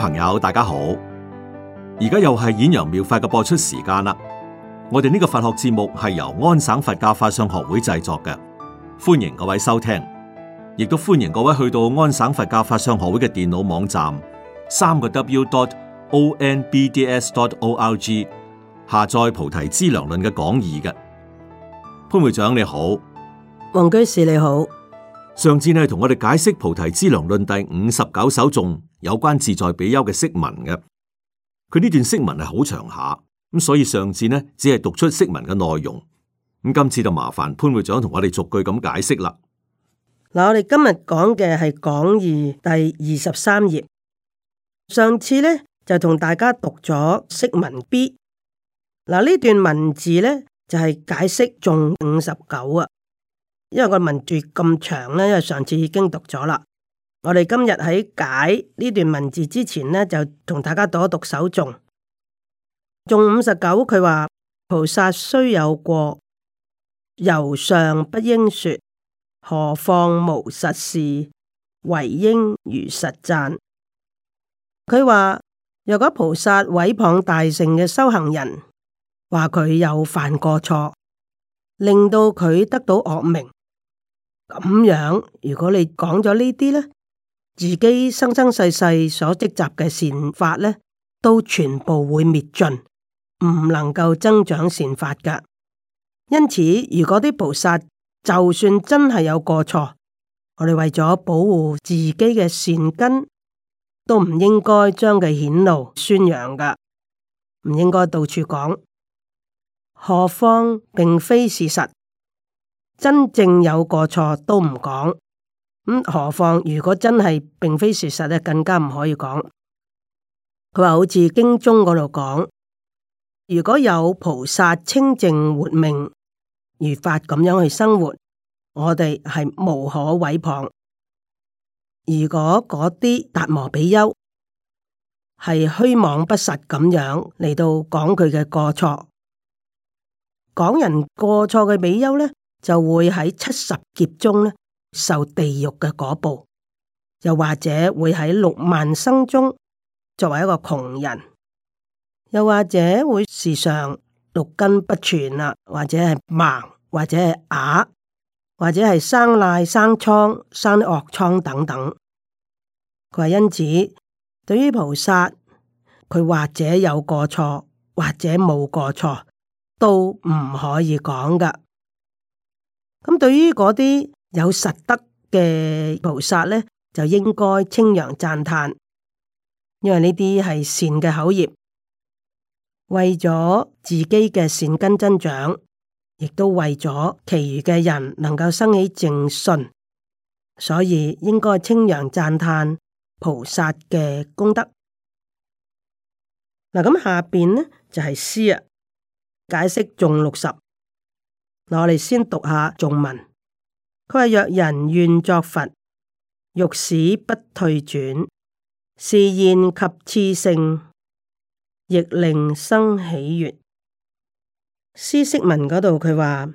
朋友，大家好！而家又係演揚妙、妙法嘅播出時間啦。我哋呢個佛學節目係由安省佛教法相學會製作嘅，歡迎各位收聽，亦都歡迎各位去到安省佛教法相學會嘅電腦網站，三個 w dot onbds dot org 下載《菩提資糧論》嘅講義嘅。潘會長你好，黃居士你好。上次呢同我哋解釋《菩提資糧論》第五十九首頌。有關自在比丘嘅釋文嘅，佢呢段釋文係好長下，咁所以上次呢只係讀出釋文嘅內容，咁今次就麻煩潘會長同我哋逐句咁解釋啦。嗱，我哋今日講嘅係講義第二十三頁，上次呢就同大家讀咗釋文 B，嗱呢段文字呢就係、是、解釋頌五十九啊，因為個文字咁長呢，因為上次已經讀咗啦。我哋今日喺解呢段文字之前呢，就同大家讀一讀首頌。頌五十九，佢話菩薩雖有過，猶尚不應說，何況無實事，唯應如實讚。佢話如果菩薩毀謗大乘嘅修行人，話佢有犯過錯，令到佢得到惡名，咁樣如果你講咗呢啲呢。自己生生世世所積集嘅善法咧，都全部會滅盡，唔能夠增長善法噶。因此，如果啲菩薩就算真係有過錯，我哋為咗保護自己嘅善根，都唔應該將佢顯露宣揚噶，唔應該到處講，何況並非事實，真正有過錯都唔講。咁，何況如果真係並非事實咧，更加唔可以講。佢話好似經中嗰度講，如果有菩薩清淨活命如法咁樣去生活，我哋係無可毀謗。如果嗰啲達摩比丘係虛妄不實咁樣嚟到講佢嘅過錯，講人過錯嘅比丘咧，就會喺七十劫中咧。受地獄嘅果報，又或者會喺六萬生中作為一個窮人，又或者會時常六根不全啦，或者係盲，或者係啞，或者係生癩生瘡、生惡瘡等等。佢話因此，對於菩薩，佢或者有過錯，或者冇過錯，都唔可以講噶。咁對於嗰啲有實德嘅菩薩咧，就應該稱揚讚嘆，因為呢啲係善嘅口業，為咗自己嘅善根增長，亦都為咗其餘嘅人能夠生起正信，所以應該稱揚讚嘆菩薩嘅功德。嗱，咁下邊呢就係、是、詩啊，解釋頌六十。嗱，我哋先讀下頌文。佢話，若人願作佛，欲使不退轉，是現及次性，亦令生喜悅。詩釋文嗰度，佢話：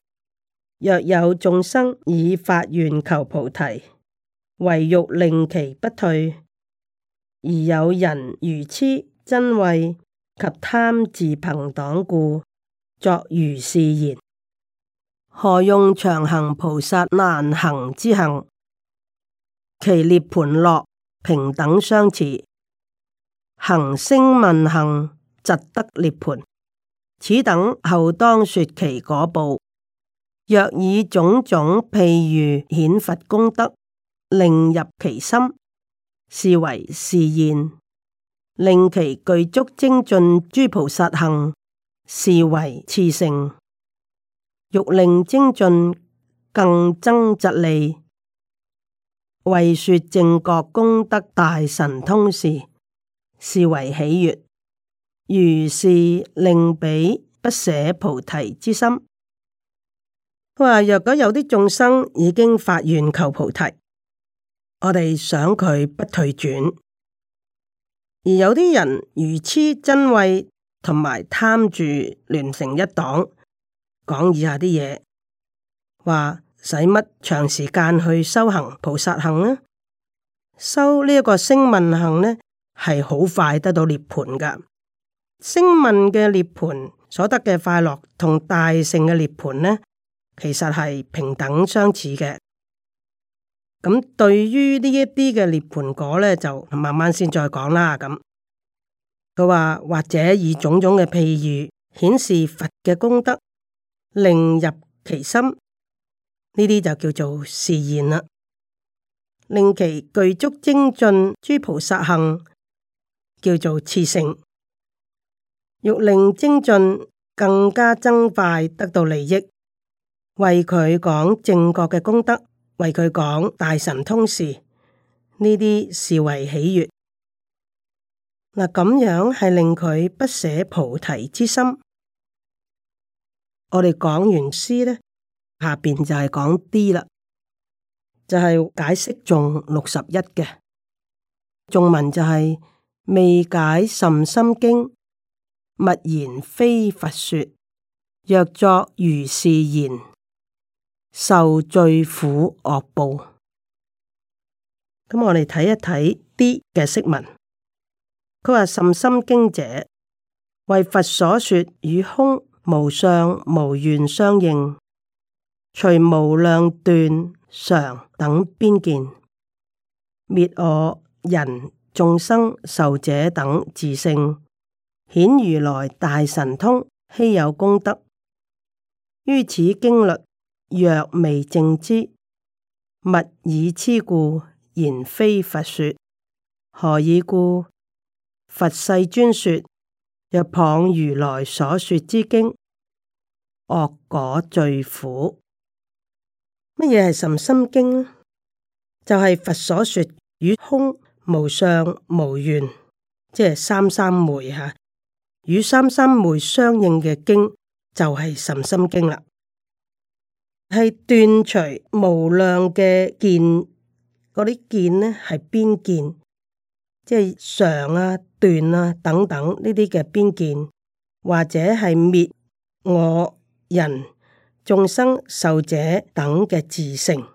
若有眾生以法願求菩提，唯欲令其不退，而有人如痴、真慧及貪自朋黨故，作如是言。何用長行菩薩難行之行？其涅盤樂平等相持，行聲問行，疾得涅盤。此等後當說其果報。若以種種譬喻顯佛功德，令入其心，是為是現；令其具足精進諸菩薩行，是為次成。欲令精進更增疾利，為說正覺功德大神通時，是為喜悅。如是令彼不捨菩提之心。佢話：若果有啲眾生已經發願求菩提，我哋想佢不退轉；而有啲人如痴、瞋恚同埋貪住，連成一黨。講以下啲嘢，話使乜長時間去修行菩薩行呢？修呢一個聲聞行呢，係好快得到涅槃噶。聲聞嘅涅槃所得嘅快樂同大聖嘅涅槃呢，其實係平等相似嘅。咁對於呢一啲嘅涅槃果呢，就慢慢先再講啦。咁佢話或者以種種嘅譬喻，顯示佛嘅功德。令入其心，呢啲就叫做示現啦。令其具足精進諸菩薩行，叫做賜性。欲令精進更加增快，得到利益，為佢講正覺嘅功德，為佢講大神通事，呢啲是為喜悅。嗱，咁樣係令佢不捨菩提之心。我哋講完詩呢，下邊就係講 D 啦，就係、是、解釋頌六十一嘅頌文就係、是、未解甚深經，勿言非佛說，若作如是言，受罪苦惡報。咁我哋睇一睇 D 嘅釋文，佢話甚深經者為佛所說與空。無相無願相應，除無量斷常等邊見，滅我人眾生壽者等自性，顯如來大神通，稀有功德。於此經律若未正知，勿以痴故言非佛說。何以故？佛世尊說。若謗如來所說之經，惡果最苦。乜嘢係甚深經就係、是、佛所說與空無相無願，即係三三昧吓，與三三昧相應嘅經就係、是、甚深經啦。係斷除無量嘅見，嗰啲見呢，係邊見？即係常啊！斷啊，等等呢啲嘅邊見，或者係滅我人眾生受者等嘅自性，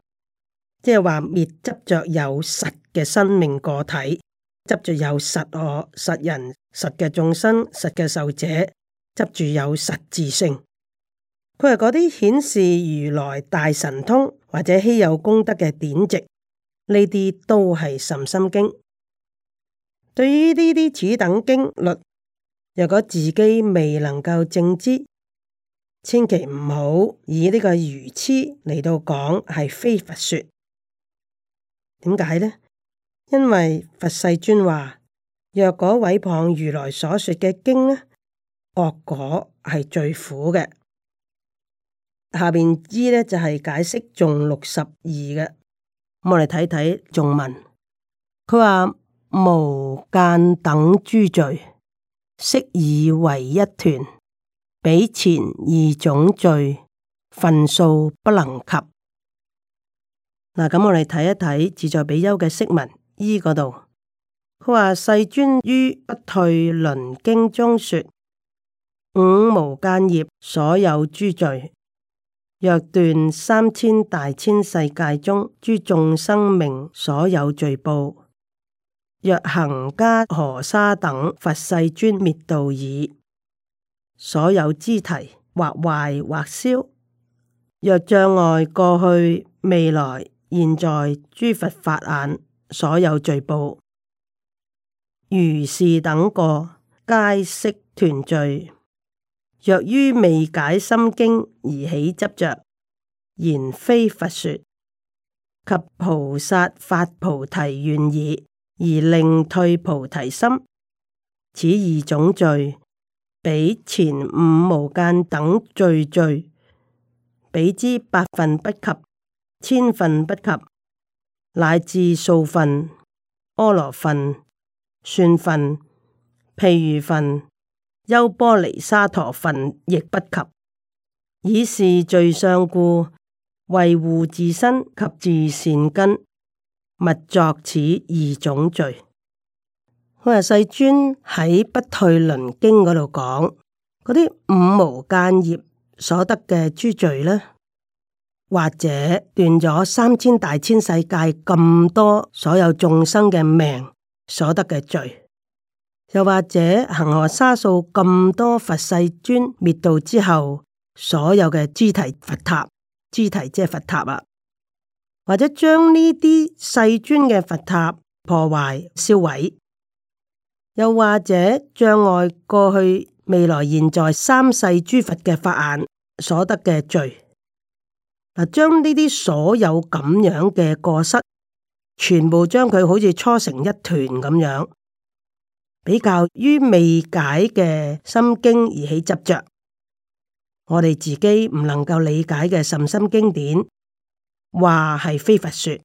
即係話滅執着有實嘅生命個體，執着有實我實人實嘅眾生實嘅受者，執住有實自性。佢係嗰啲顯示如來大神通或者稀有功德嘅典籍，呢啲都係甚心經。對於呢啲此等經律，若果自己未能夠正知，千祈唔好以呢個愚痴嚟到講係非佛說。點解呢？因為佛世尊話，若果毀謗如來所說嘅經呢，惡果係最苦嘅。下面之呢就係解釋頌六十二嘅，我哋睇睇頌文，佢話。無間等諸罪，悉以為一團，比前二種罪，分數不能及。嗱，咁我哋睇一睇自在比丘嘅釋文，依嗰度，佢話世尊於不退輪經中說：五無間業，所有諸罪，若斷三千大千世界中諸眾生命，所有罪報。若行伽河沙等佛世尊滅道矣，所有支提，或壞或消。若障礙過去、未來、現在，諸佛法眼所有罪報，如是等過，皆悉斷罪。若於未解心經而起執着，言非佛說及菩薩發菩提願矣。而令退菩提心，此二種罪，比前五無間等罪罪，比之百分不及，千分不及，乃至數分、阿羅分、算分、譬喻分、優波尼沙陀分亦不及。以示罪相故，維護自身及自善根。勿作此二種罪。我話世尊喺不退輪經嗰度講，嗰啲五無間業所得嘅諸罪呢，或者斷咗三千大千世界咁多所有眾生嘅命所得嘅罪，又或者恒河沙數咁多佛世尊滅度之後所有嘅支提佛塔，支提即係佛塔啊。或者將呢啲細磚嘅佛塔破壞燒毀，又或者障礙過去、未來、現在三世諸佛嘅法眼所得嘅罪，嗱，將呢啲所有咁樣嘅過失，全部將佢好似搓成一團咁樣，比較於未解嘅心經而起執着，我哋自己唔能夠理解嘅甚深經典。話係非佛說，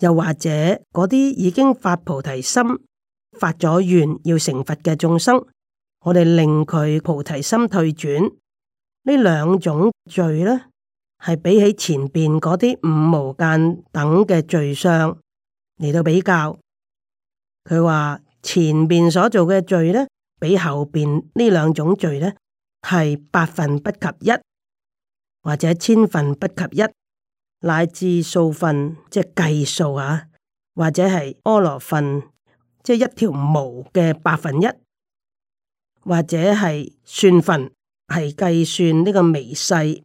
又或者嗰啲已經發菩提心、發咗願要成佛嘅眾生，我哋令佢菩提心退轉。呢兩種罪呢，係比起前邊嗰啲五無間等嘅罪相嚟到比較，佢話前邊所做嘅罪呢，比後邊呢兩種罪呢，係百分不及一，或者千分不及一。乃至數份即係計數啊，或者係阿羅份，即係一條毛嘅百分一，或者係算份係計算呢個微細，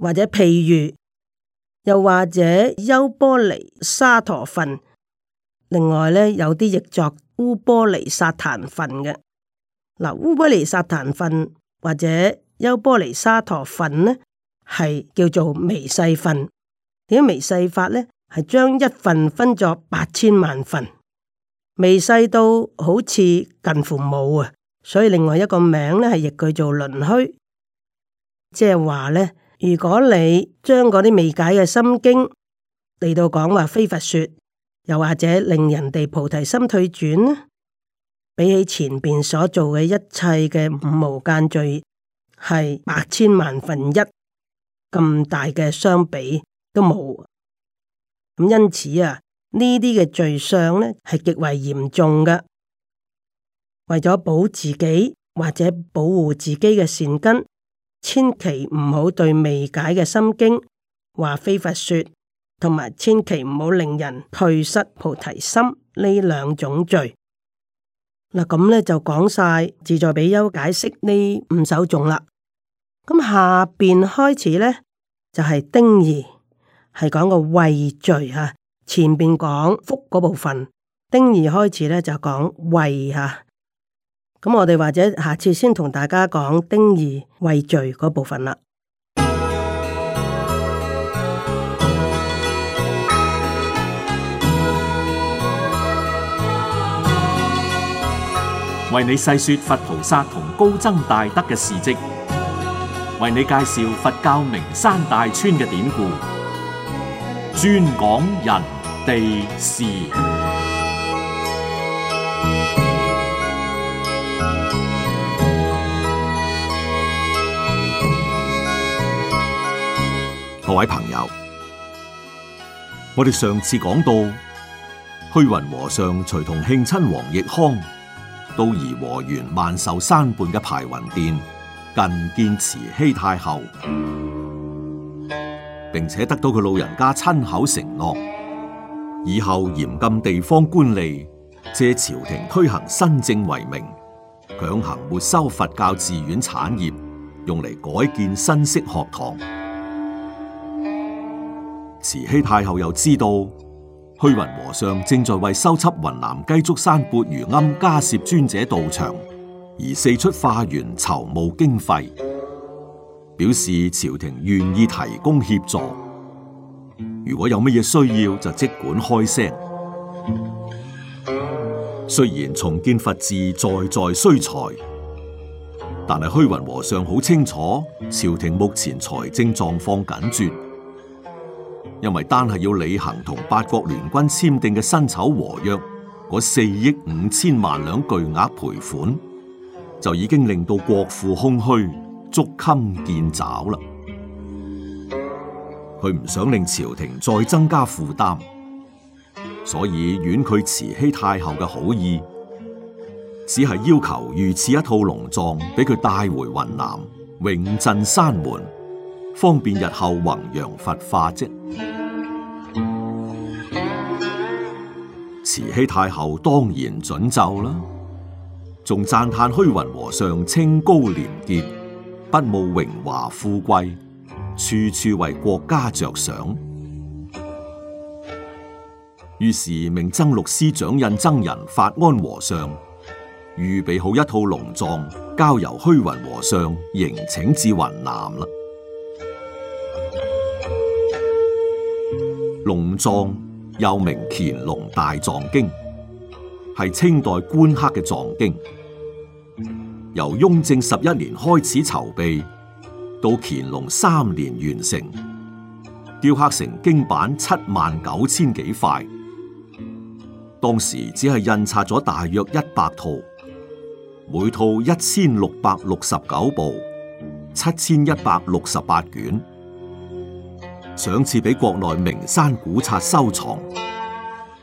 或者譬如，又或者優波尼沙陀份，另外咧有啲譯作烏波尼薩壇份嘅。嗱，烏波尼薩壇份或者優波尼沙陀份咧，係叫做微細份，點微細法呢？係將一份分，分作八千萬份，微細到好似近乎冇啊！所以另外一個名呢，係譯佢做輪虛，即係話呢，如果你將嗰啲未解嘅心經嚟到講話非佛說，又或者令人哋菩提心退轉，比起前邊所做嘅一切嘅五無間罪，係八千萬份一。咁大嘅相比都冇，咁因此啊，呢啲嘅罪相呢，係極為嚴重噶。為咗保自己或者保護自己嘅善根，千祈唔好對未解嘅心經話非佛說，同埋千祈唔好令人退失菩提心呢兩種罪。嗱、啊、咁呢就講晒，自在比丘解釋呢五首頌啦。咁、啊、下邊開始呢。就係丁二，係講個畏罪吓。前邊講福嗰部分，丁二開始呢就講畏吓。咁我哋或者下次先同大家講丁二畏罪嗰部分啦。為你細說佛菩薩、同高僧大德嘅事跡，為你介紹佛教名山大川嘅典故，專講人地事。各位朋友，我哋上次講到，虛雲和尚隨同慶親王奕康到頤和園萬壽山畔嘅排雲殿。近見慈禧太后，並且得到佢老人家親口承諾，以後嚴禁地方官吏借朝廷推行新政為名，強行沒收佛教寺院產業，用嚟改建新式學堂。慈禧太后又知道虛雲和尚正在為修葺雲南雞足山缽盂庵迦葉尊者道場。而四出化緣籌募經費，表示朝廷願意提供協助。如果有乜嘢需要，就即管開聲。雖然重建佛寺在在需財，但係虛雲和尚好清楚，朝廷目前財政狀況緊絀，因為單係要履行同八國聯軍簽訂嘅辛丑和約，嗰四億五千萬兩巨額賠款。就已經令到國庫空虛、捉襟見肘啦。佢唔想令朝廷再增加負擔，所以婉拒慈禧太后嘅好意，只係要求如此一套龍藏俾佢帶回雲南永鎮山門，方便日後弘揚佛化啫。慈禧太後當然准奏啦。仲讚嘆虛雲和尚清高廉潔，不慕榮華富貴，處處為國家着想。於是，命僧錄司掌印僧人法安和尚預備好一套龍藏，交由虛雲和尚迎請至雲南啦。龍藏又名《乾隆大藏經》。係清代官刻嘅藏經，由雍正十一年開始籌備，到乾隆三年完成，雕刻成經版七萬九千幾塊。當時只係印刷咗大約一百套，每套一千六百六十九部，七千一百六十八卷，賞賜俾國內名山古剎收藏。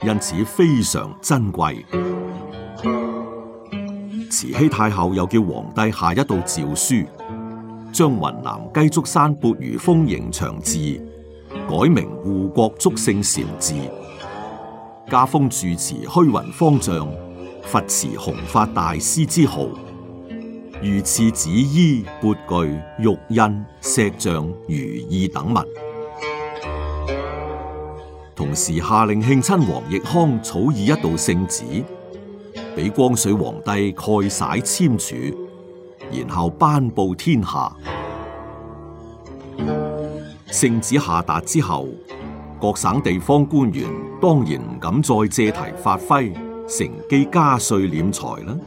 因此非常珍貴。慈禧太后又叫皇帝下一道詔書，將雲南雞足山缽盂峰迎祥寺改名護國祝聖禪寺，加封住持虛雲方丈佛慈弘法大師之號，御賜紫衣、缽具、玉印、石像、如意等物。同時下令慶親王奕康草擬一道聖旨，俾光緒皇帝蓋璽簽署，然後頒布天下。聖旨下達之後，各省地方官員當然唔敢再借題發揮，乘機加稅斂財啦。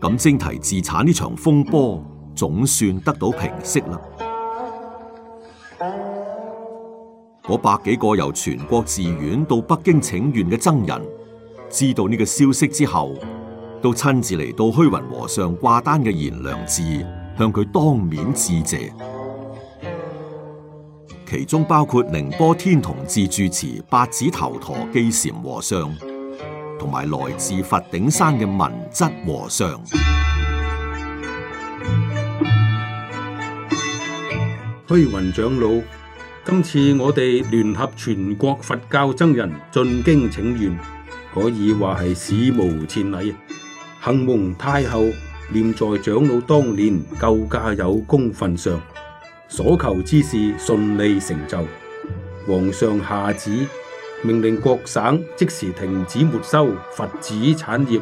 咁徵提自產呢場風波，總算得到平息啦。嗰百幾個由全國寺院到北京請願嘅僧人，知道呢個消息之後，都親自嚟到虛雲和尚掛單嘅賢良寺，向佢當面致謝。其中包括寧波天童寺住持八指頭陀基禪和尚，同埋來自佛頂山嘅文質和尚，虛雲長老，今次我哋聯合全國佛教僧人進京請願，可以話係史無前例。幸蒙太后念在長老當年救駕有功份上，所求之事順利成就。皇上下旨命令各省即時停止沒收佛寺產業，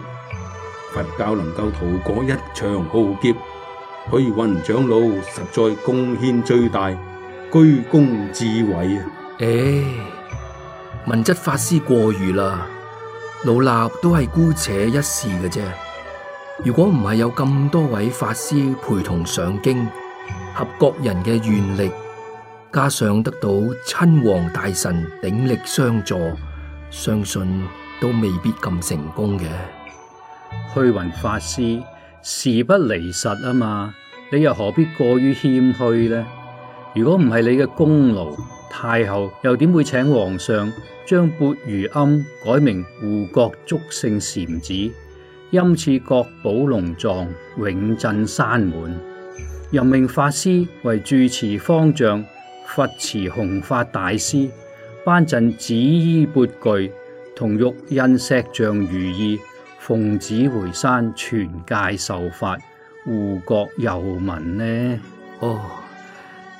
佛教能夠逃過一場浩劫，虛雲長老實在貢獻最大。居功至偉啊！誒、哎，文質法師過譽啦，老衲都係姑且一試嘅啫。如果唔係有咁多位法師陪同上京，合各人嘅願力，加上得到親王大臣鼎力相助，相信都未必咁成功嘅。虛雲法師事不離實啊嘛，你又何必過於謙虛呢？如果唔係你嘅功勞，太后又點會請皇上將鉢盂庵改名護國祝聖禪寺，恩賜國寶龍藏永鎮山門，任命法師為住持方丈，佛慈弘法大師頒贈紫衣鉢具同玉印石像如意，奉旨回山全界受法護國佑民呢？哦。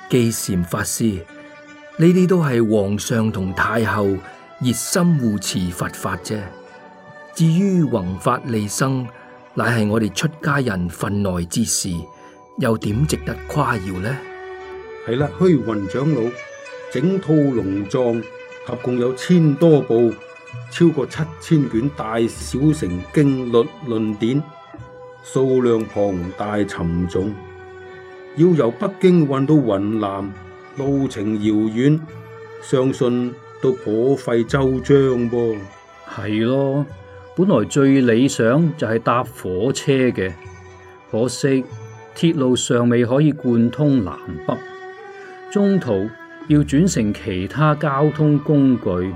寄禪法師，呢啲都係皇上同太后熱心護持佛法啫，至於弘法利生，乃係我哋出家人份內之事，又點值得誇耀呢？係啦，虛雲長老整套龍藏合共有千多部，超過七千卷大小乘經律論典，數量龐大沉重。要由北京運到雲南，路程遙遠，相信都頗費周章噃。係咯，本來最理想就係搭火車嘅，可惜鐵路尚未可以貫通南北，中途要轉乘其他交通工具，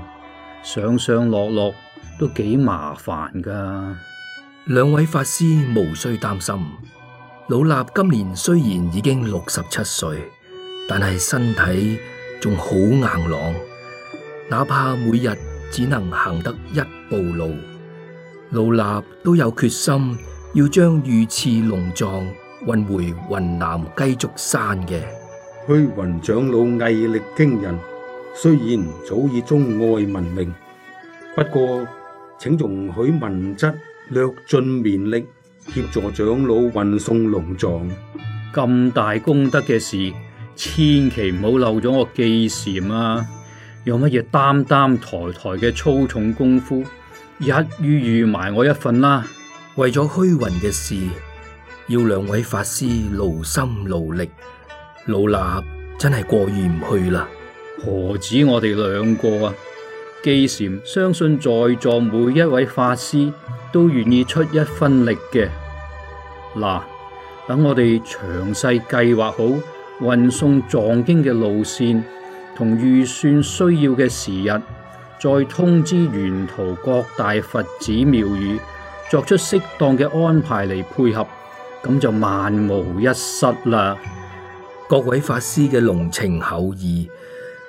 上上落落都幾麻煩噶。兩位法師無需擔心。老衲今年雖然已經六十七歲，但係身體仲好硬朗，哪怕每日只能行得一步路，老衲都有決心要將御賜龍藏運回雲南雞足山嘅。虛雲長老毅力驚人，雖然早已中外聞名，不過請容許文質略盡綿力。協助長老運送龍藏，咁大功德嘅事，千祈唔好漏咗我寄禪啊！有乜嘢擔擔抬抬嘅粗重功夫，一於預埋我一份啦。為咗虛雲嘅事，要兩位法師勞心勞力，老衲真係過意唔去啦。何止我哋兩個啊！寄禪相信在座每一位法師都願意出一分力嘅。嗱，等我哋詳細計劃好運送藏經嘅路線同預算需要嘅時日，再通知沿途各大佛寺廟宇，作出適當嘅安排嚟配合，咁就萬無一失啦。各位法師嘅隆情厚意，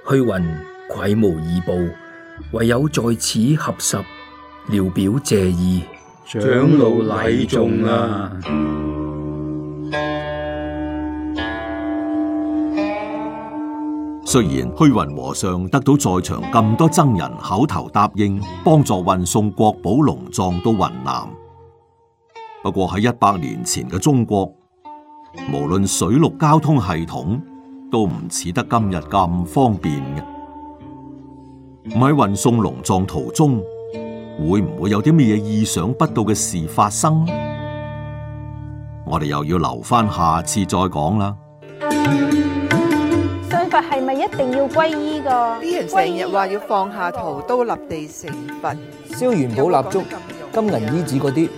虛雲愧無以報。唯有在此合十，聊表謝意。長老禮重啊。雖然虛雲和尚得到在場咁多僧人口頭答應幫助運送國寶龍藏到雲南，不過喺一百年前嘅中國，無論水陸交通系統都唔似得今日咁方便嘅。唔喺運送龍藏途中，會唔會有啲咩嘢意想不到嘅事發生？我哋又要留翻下，下次再講啦。信佛係咪一定要皈依噶啲人成日話要放下屠刀立地成佛，燒元寶蠟燭、金銀衣紙嗰啲，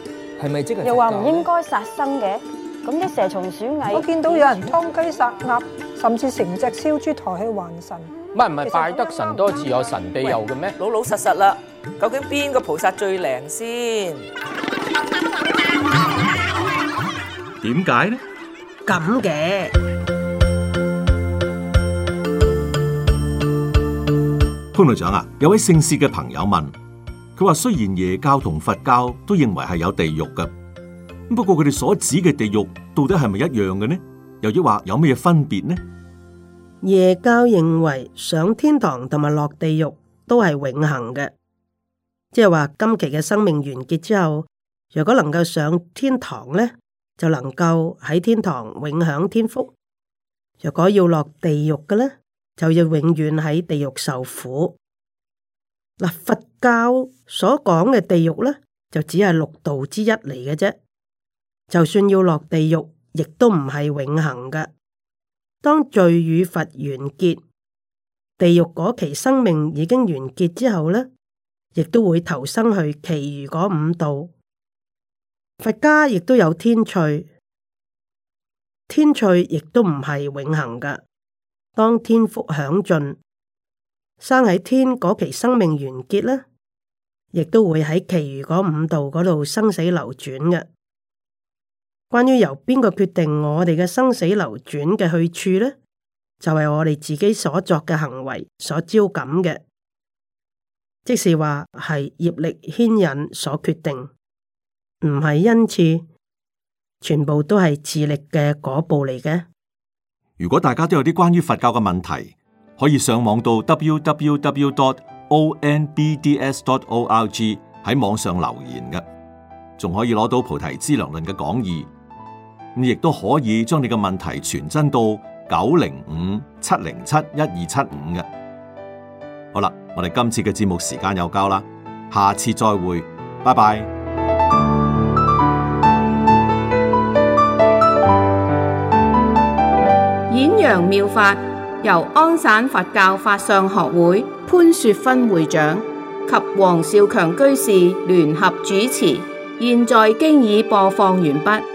係咪、嗯、即係？又話唔應該殺生嘅，咁啲蛇蟲鼠蟻，我見到有人劏雞殺鴨，甚至成隻燒豬抬去還神。唔係唔係，拜得神多自有神庇佑嘅咩？老老實實啦，究竟邊個菩薩最靈先？點解呢？咁嘅潘道長啊，有位姓薛嘅朋友問，佢話雖然耶教同佛教都認為係有地獄噶，咁不過佢哋所指嘅地獄到底係咪一樣嘅呢？又抑或有咩嘢分別呢？耶教認為上天堂同埋落地獄都係永恒嘅，即係話今期嘅生命完結之後，若果能夠上天堂呢，就能夠喺天堂永享天福；若果要落地獄嘅呢，就要永遠喺地獄受苦。嗱，佛教所講嘅地獄呢，就只係六道之一嚟嘅啫，就算要落地獄，亦都唔係永恒嘅。當罪與罰完結，地獄嗰期生命已經完結之後呢亦都會投生去其餘嗰五道。佛家亦都有天趣，天趣亦都唔係永恒㗎。當天福享盡，生喺天嗰期生命完結呢亦都會喺其餘嗰五道嗰度生死流轉嘅。關於由邊個決定我哋嘅生死流轉嘅去處咧，就係、是、我哋自己所作嘅行為所招感嘅，即是話係業力牽引所決定，唔係因此全部都係自力嘅果報嚟嘅。如果大家都有啲關於佛教嘅問題，可以上網到 www.onbds.org 喺網上留言嘅，仲可以攞到菩提資糧論嘅講義。咁亦都可以將你嘅問題傳真到九零五七零七一二七五嘅。好啦，我哋今次嘅節目時間又夠啦，下次再會，拜拜。演揚妙法，由安省佛教法相學會潘雪芬會長及黃少強居士聯合主持，現在經已播放完畢。